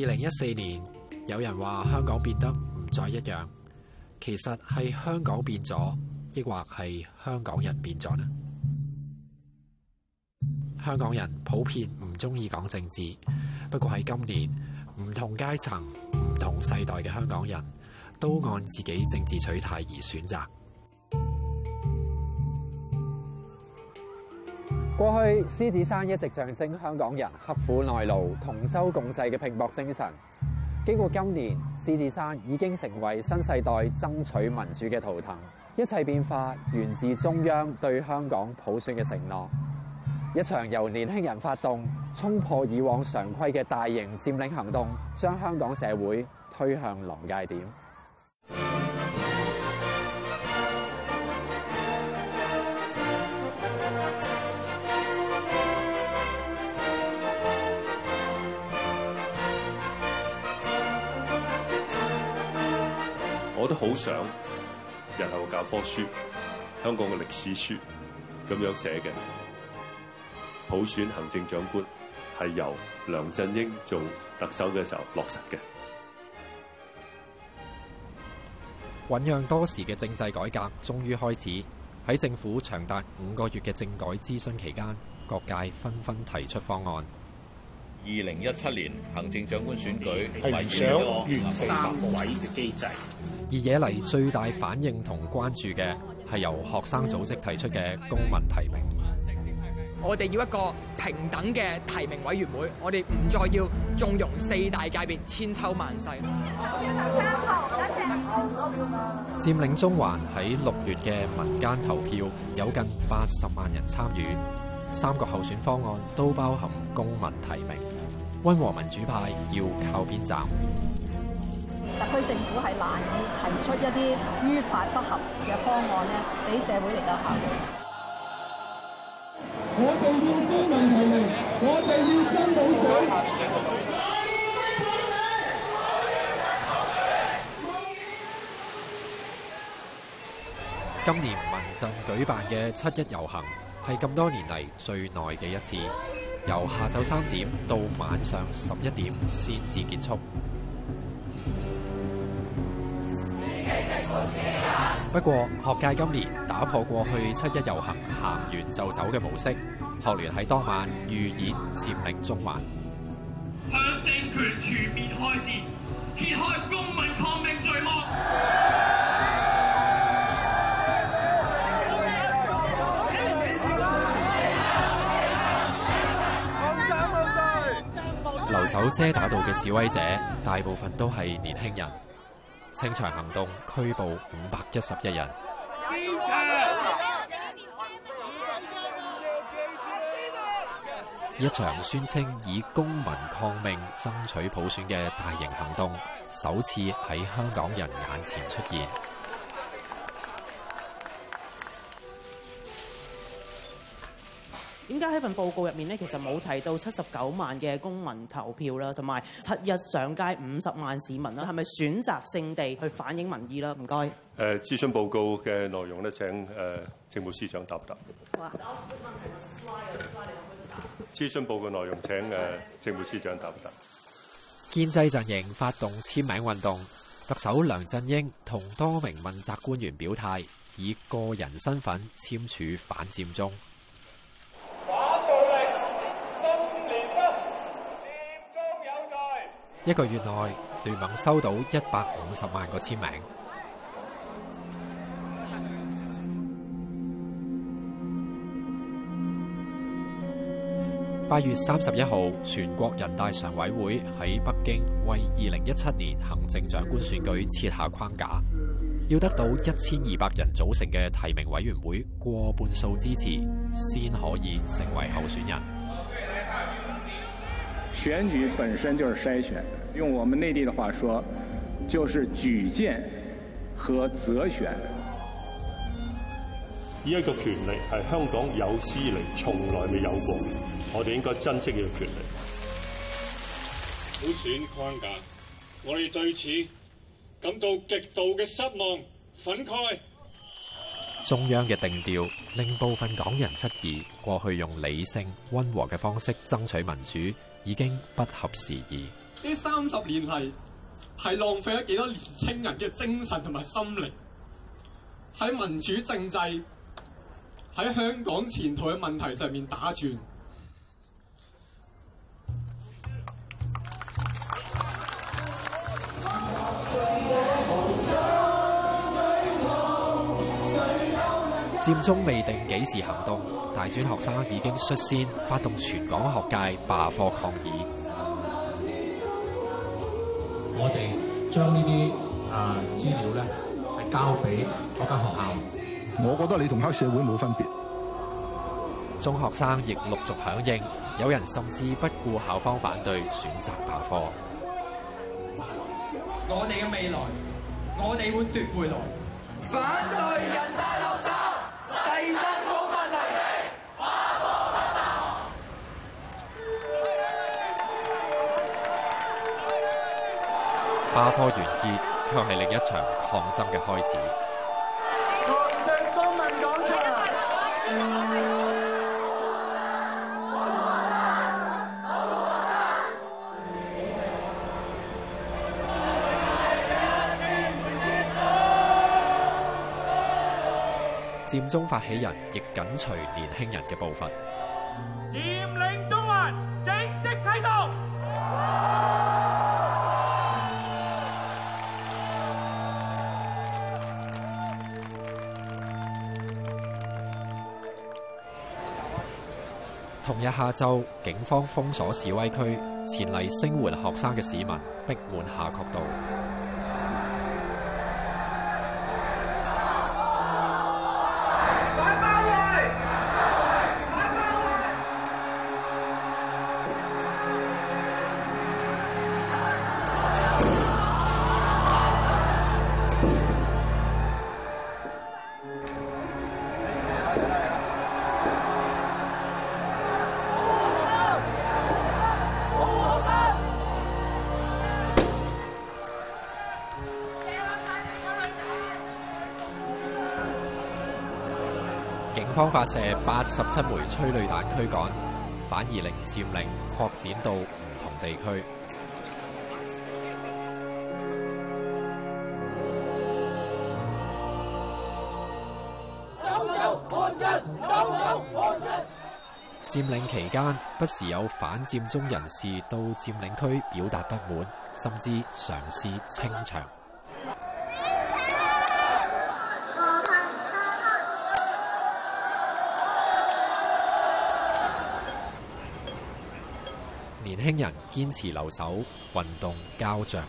二零一四年，有人話香港變得唔再一樣，其實係香港變咗，抑或係香港人變咗呢？香港人普遍唔中意講政治，不過喺今年，唔同階層、唔同世代嘅香港人都按自己政治取態而選擇。過去獅子山一直象徵香港人刻苦耐勞、同舟共濟嘅拼搏精神。經過今年，獅子山已經成為新世代爭取民主嘅圖騰。一切變化源自中央對香港普選嘅承諾。一場由年輕人發動、衝破以往常規嘅大型佔領行動，將香港社會推向臨界點。好想日後教科書、香港嘅歷史書咁樣寫嘅，普選行政長官係由梁振英做特首嘅時候落實嘅。醖釀多時嘅政制改革終於開始，喺政府長達五個月嘅政改諮詢期間，各界紛紛提出方案。二零一七年行政長官選舉係唔想原三個位嘅機制。而惹嚟最大反應同關注嘅係由學生組織提出嘅公民提名。我哋要一個平等嘅提名委員會，我哋唔再要縱容四大界別千秋萬世。佔領中環喺六月嘅民間投票有近八十萬人參與，三個候選方案都包含公民提名。溫和民主派要靠邊站？特區政府係難以提出一啲於法不合嘅方案咧，俾社會嚟到考慮。今年民陣舉辦嘅七一遊行係咁多年嚟最耐嘅一次，由下晝三點到晚上十一點先至結束。不過，學界今年打破過去七一遊行行完就走嘅模式，學聯喺當晚預演佔領中環。向政權全面開戰，揭開公民抗命序幕。留守遮打道嘅示威者，大部分都係年輕人。清場行動拘捕五百一十一人，一場宣稱以公民抗命爭取普選嘅大型行動，首次喺香港人眼前出現。點解喺份報告入面呢？其實冇提到七十九萬嘅公民投票啦，同埋七日上街五十萬市民啦，係咪選擇性地去反映民意啦？唔該。誒，諮詢報告嘅內容呢？請、呃、誒政務司長答唔答？好啊、諮詢報告的內容請誒、呃、政務司長答唔答？建制陣營發動簽名運動，特首梁振英同多名問責官員表態，以個人身份簽署反佔中。一個月內，聯盟收到一百五十萬個簽名。八月三十一號，全國人大常委會喺北京為二零一七年行政長官選舉設下框架，要得到一千二百人組成嘅提名委員會過半數支持，先可以成為候選人。選舉本身就是篩選，用我們內地的話說，就是舉薦和擇選。呢一個權力係香港有史嚟從來未有過，我哋應該珍惜呢個權力。普選框架，我哋對此感到極度嘅失望、憤慨。中央嘅定調令部分港人失意，過去用理性温和嘅方式爭取民主。已經不合時宜。呢三十年嚟，係浪費咗幾多年青人嘅精神同埋心力，喺民主政制，喺香港前途嘅問題上面打轉。佔中未定幾時行動，大專學生已經率先發動全港學界罷課抗議。我哋將呢啲啊資料咧，係交俾嗰間學校。我覺得你同黑社會冇分別。中學生亦陸續響應，有人甚至不顧校方反對，選擇罷課。我哋嘅未來，我哋會奪回來。反對人大。罷課完結，卻係另一場抗爭嘅開始。佔領公民廣場。佔中發起人亦緊隨年輕人嘅步伐。佔、嗯嗯嗯嗯嗯、領中環正式啟動。同日下晝，警方封鎖示威區，前嚟聲援學生嘅市民逼滿下角道。發射八十七枚催淚彈驅趕，反而令佔領擴展到唔同地區。走佬。佔領期間，不時有反佔中人士到佔領區表達不滿，甚至嘗試清場。年輕人堅持留守，運動膠着。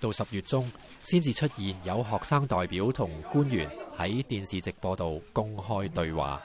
到十月中先至出現有學生代表同官員喺電視直播度公開對話。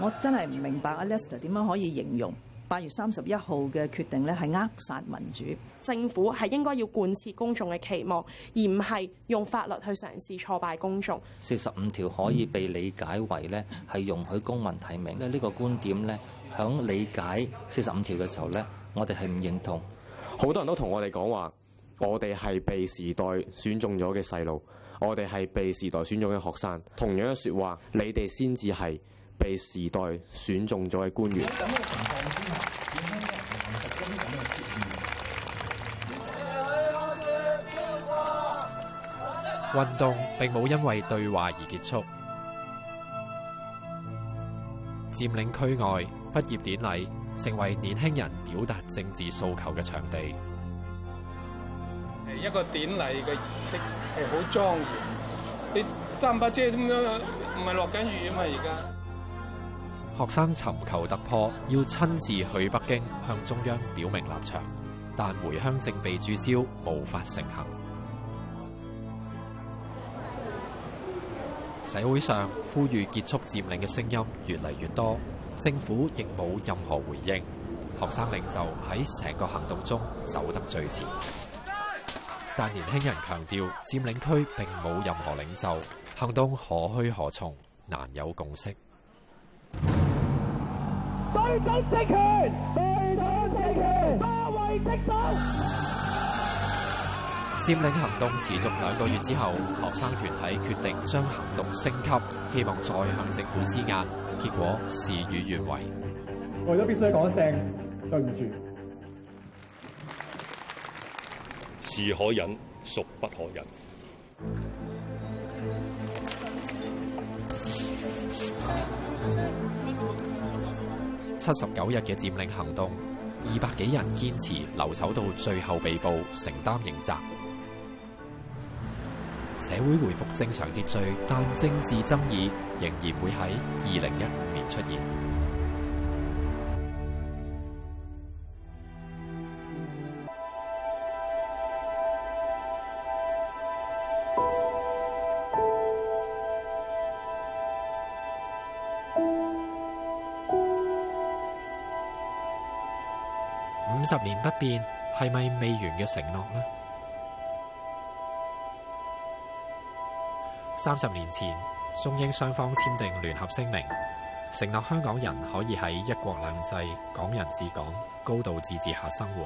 我真係唔明白，阿 Lester 點樣可以形容？八月三十一號嘅決定咧，係扼殺民主。政府係應該要貫徹公眾嘅期望，而唔係用法律去嘗試挫敗公眾。四十五條可以被理解為咧，係容許公民提名。咧呢個觀點咧，響理解四十五條嘅時候咧，我哋係唔認同。好多人都同我哋講話，我哋係被時代選中咗嘅細路，我哋係被時代選中嘅學生。同樣嘅説話，你哋先至係。被時代選中咗嘅官員。運動並冇因為對話而結束。佔領區外畢業典禮成為年輕人表達政治訴求嘅場地。係一個典禮嘅儀式係好莊嚴。你揸唔揸車咁樣？唔係落緊雨啊嘛，而家。學生尋求突破，要親自去北京向中央表明立場，但回鄉證被注銷，無法成行。社會上呼籲結束佔領嘅聲音越嚟越多，政府亦冇任何回應。學生領袖喺成個行動中走得最前，但年輕人強調佔領區並冇任何領袖，行動何去何從，難有共識。推倒佔領行動持續兩個月之後，學生團體決定將行動升級，希望再向政府施壓。結果事與願違，我而家必須講一聲對唔住。是可忍，孰不可忍。七十九日嘅佔領行動，二百幾人堅持留守到最後被捕，承擔刑責。社會回復正常秩序，但政治爭議仍然會喺二零一五年出現。是不變係咪未完嘅承諾呢？三十年前，中英雙方簽訂聯合聲明，承諾香港人可以喺一國兩制、港人治港、高度自治下生活。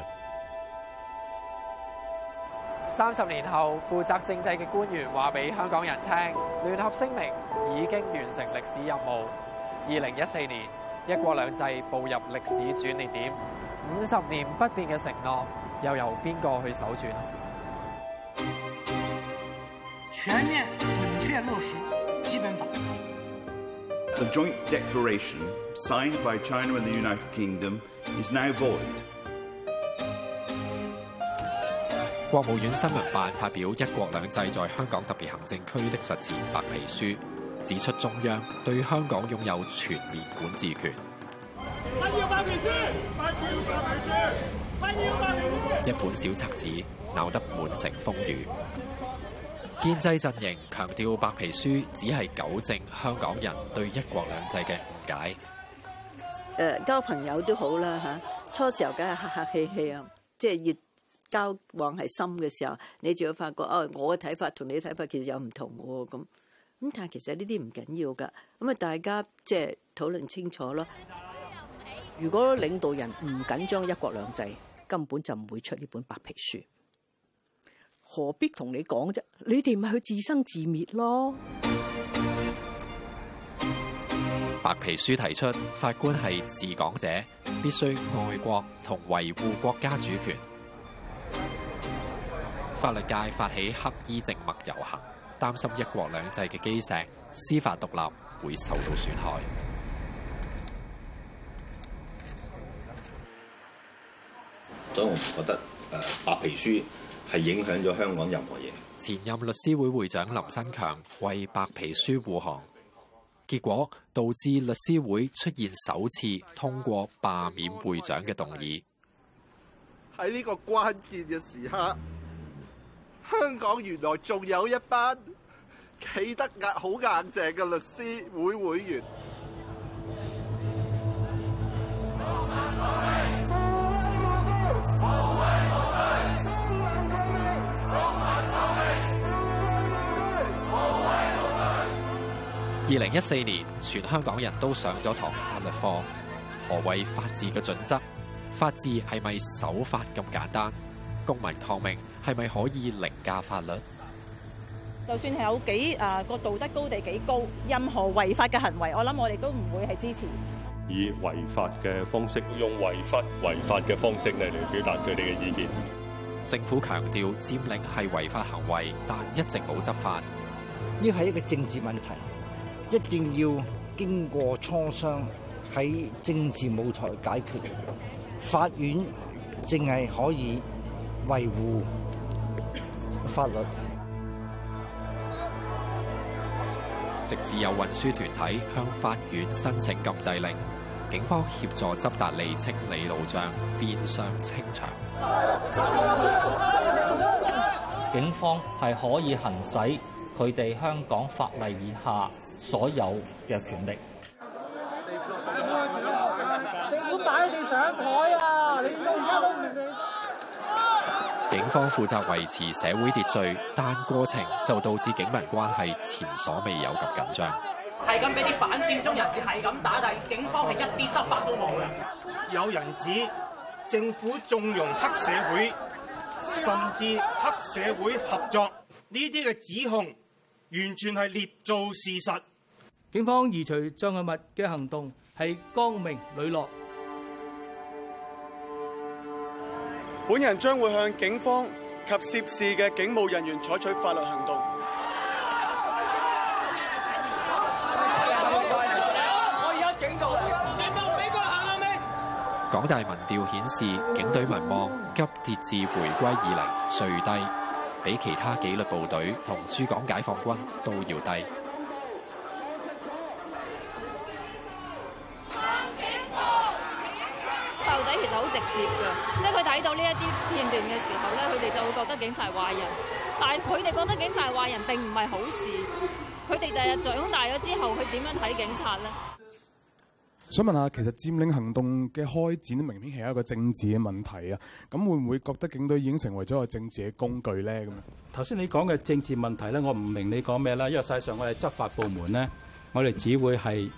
三十年後，負責政制嘅官員話俾香港人聽，聯合聲明已經完成歷史任務。二零一四年，一國兩制步入歷史轉捩點。五十年不變嘅承諾，又由邊個去守住呢？全面準確落實基本法。The joint declaration signed by China and the United Kingdom is now void. 國務院新聞辦發表《一國兩制在香港特別行政區的實踐白皮書》，指出中央對香港擁有全面管治權。一本小冊子鬧得滿城風雨，建制陣營強調白皮書只係糾正香港人對一國兩制嘅誤解。誒、啊，交朋友都好啦吓，初時候梗係客客氣氣啊，即係越交往係深嘅時候，你就會發覺哦，我嘅睇法同你嘅睇法其實有唔同嘅咁咁，但係其實呢啲唔緊要噶，咁啊大家即係討論清楚咯。如果領導人唔緊張一國兩制，根本就唔會出呢本白皮書，何必同你講啫？你哋咪去自生自滅咯！白皮書提出法官係治港者，必須愛國同維護國家主權。法律界發起黑衣靜默遊行，擔心一國兩制嘅基石、司法獨立會受到損害。所以我唔覺得白皮書係影響咗香港任何嘢。前任律師會會長林新強為白皮書護航，結果導致律師會出現首次通過罷免會長嘅動議。喺呢個關鍵嘅時刻，香港原來仲有一班企得硬、好硬正嘅律師會會員。二零一四年，全香港人都上咗堂法律課，何謂法治嘅準則？法治係咪守法咁簡單？公民抗命係咪可以凌駕法律？就算係有幾誒個道德高地幾高，任何違法嘅行為，我諗我哋都唔會係支持以違法嘅方式，用違法違法嘅方式嚟，嚟表達佢哋嘅意見。政府強調佔領係違法行為，但一直冇執法。呢個係一個政治問題。一定要經過磋商，喺政治舞台解決，法院淨係可以維護法律。直至有運輸團體向法院申請禁制令，警方協助執達吏清理路障、變相清場。警方係可以行使佢哋香港法例以下所有嘅權力。政府擺你哋上台啊！你而家都唔理。警方負責維持社會秩序，但過程就導致警民關係前所未有咁緊張。係咁俾啲反佔中人士係咁打，但警方係一啲執法都冇嘅。有人指政府縱容黑社會，甚至黑社會合作呢啲嘅指控，完全係捏造事實。警方移除障礙物嘅行動係光明磊落。本人將會向警方及涉事嘅警務人員採取法律行動。港大民調顯示，警隊民望急跌至回歸以嚟最低，比其他紀律部隊同駐港解放軍都要低。警察係壞人，但係佢哋覺得警察係壞人並唔係好事。佢哋第日長大咗之後，佢點樣睇警察咧？想問下，其實佔領行動嘅開展明顯係一個政治嘅問題啊。咁會唔會覺得警隊已經成為咗個政治嘅工具咧？咁樣頭先你講嘅政治問題咧，我唔明你講咩啦？因為實際上我哋執法部門咧，我哋只會係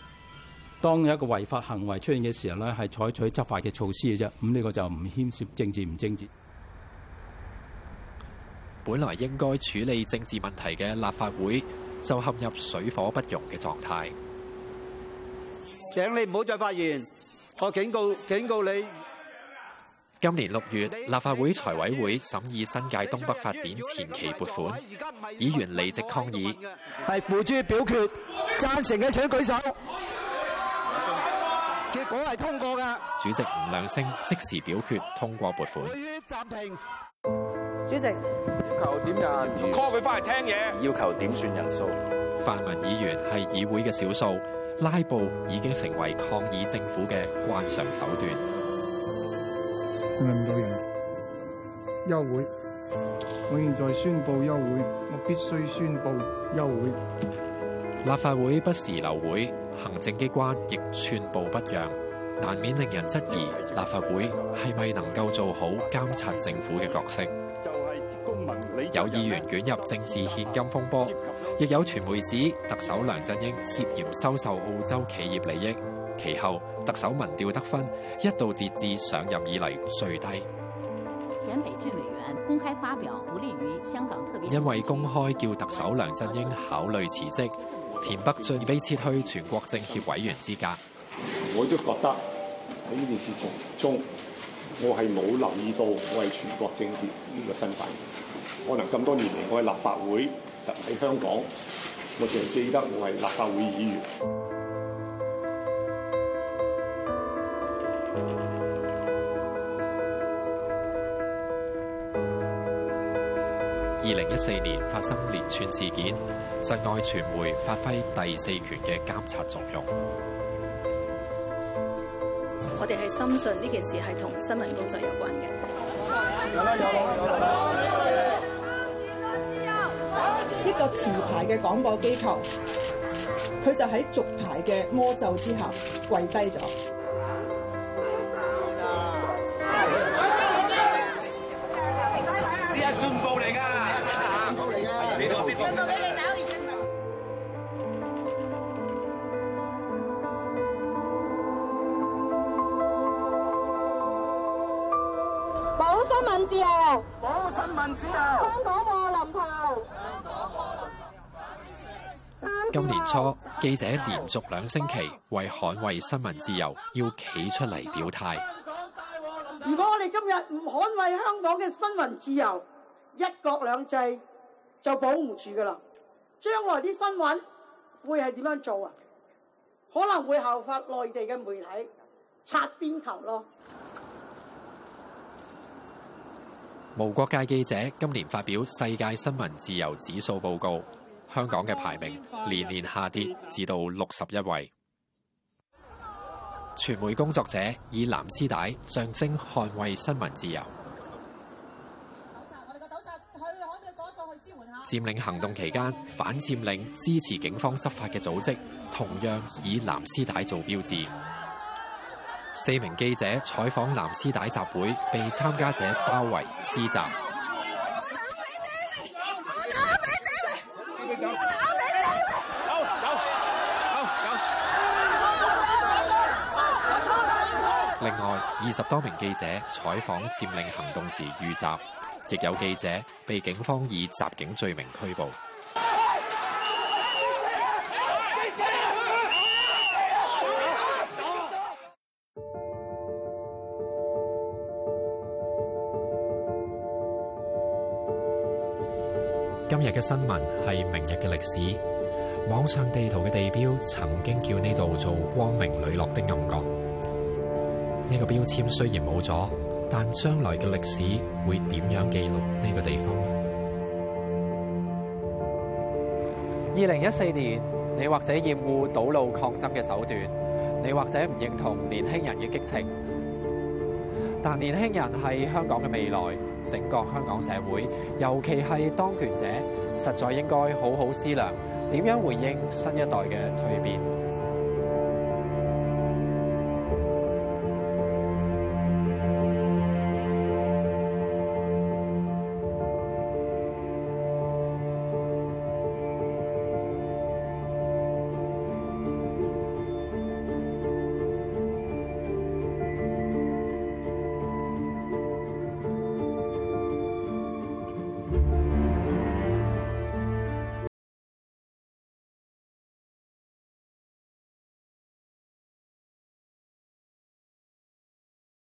當有一個違法行為出現嘅時候咧，係採取執法嘅措施嘅啫。咁呢個就唔牽涉政治，唔政治。本來應該處理政治問題嘅立法會就陷入水火不容嘅狀態。請你唔好再發言，我警告，警告你。今年六月，你立法會財委會審議新界東北發展前期撥款，撥款議員離席抗議，係付諸表決，贊成嘅請舉手。以結果係通過嘅。主席吳亮星即時表決通過撥款。主席要求點人？call 佢翻嚟聽嘢。要求點算人數？泛民議員係議會嘅少數，拉布已經成為抗議政府嘅慣常手段。問唔到人休會。我現在宣布休會，我必須宣布休會。立法會不時留會，行政機關亦寸步不讓，難免令人質疑立法會係咪能夠做好監察政府嘅角色？有議員捲入政治獻金風波，亦有傳媒指特首梁振英涉嫌收受澳洲企業利益。其後，特首民調得分一度跌至上任以嚟最低。田北俊委員公開發表不利於香港特別。因為公開叫特首梁振英考慮辭職，田北俊被撤去全國政協委員資格。我都覺得喺呢件事情中，我係冇留意到我係全國政協呢個身份。可能咁多年嚟，我係立法會，會，喺香港，我凈記得我係立法會議員。二零一四年發生連串事件，就外傳媒發揮第四權嘅監察作用。我哋係深信呢件事係同新聞工作有關嘅。有啦，有啦，有啦。一個持牌嘅廣播機構，佢就喺續牌嘅魔咒之下跪低咗。新聞自由，香新聞自由。香港我林頭。香港今年初，記者連續兩星期為捍衛新聞自由，要企出嚟表態。如果我哋今日唔捍衛香港嘅新聞自由，一國兩制就保唔住㗎喇。將來啲新聞會係點樣做啊？可能會效法內地嘅媒體擦邊球，擦邊頭咯。無國界記者今年發表世界新聞自由指數報告，香港嘅排名年年下跌，至到六十一位。傳媒工作者以藍絲帶象徵捍衛新聞自由。佔領行動期間，反佔領支持警方執法嘅組織同樣以藍絲帶做標誌。四名記者採訪藍絲帶集會，被參加者包圍施襲。另外二十多名記者採訪佔領行動時遇襲，亦有記者被警方以襲警罪名拘捕。今日嘅新聞係明日嘅歷史。網上地圖嘅地標曾經叫呢度做光明磊落的暗角，呢個標籤雖然冇咗，但將來嘅歷史會點樣記錄呢個地方？二零一四年，你或者厭惡堵路抗爭嘅手段，你或者唔認同年輕人嘅激情，但年輕人係香港嘅未來。整個香港社會，尤其係當權者，實在應該好好思量點樣回應新一代嘅蛻變。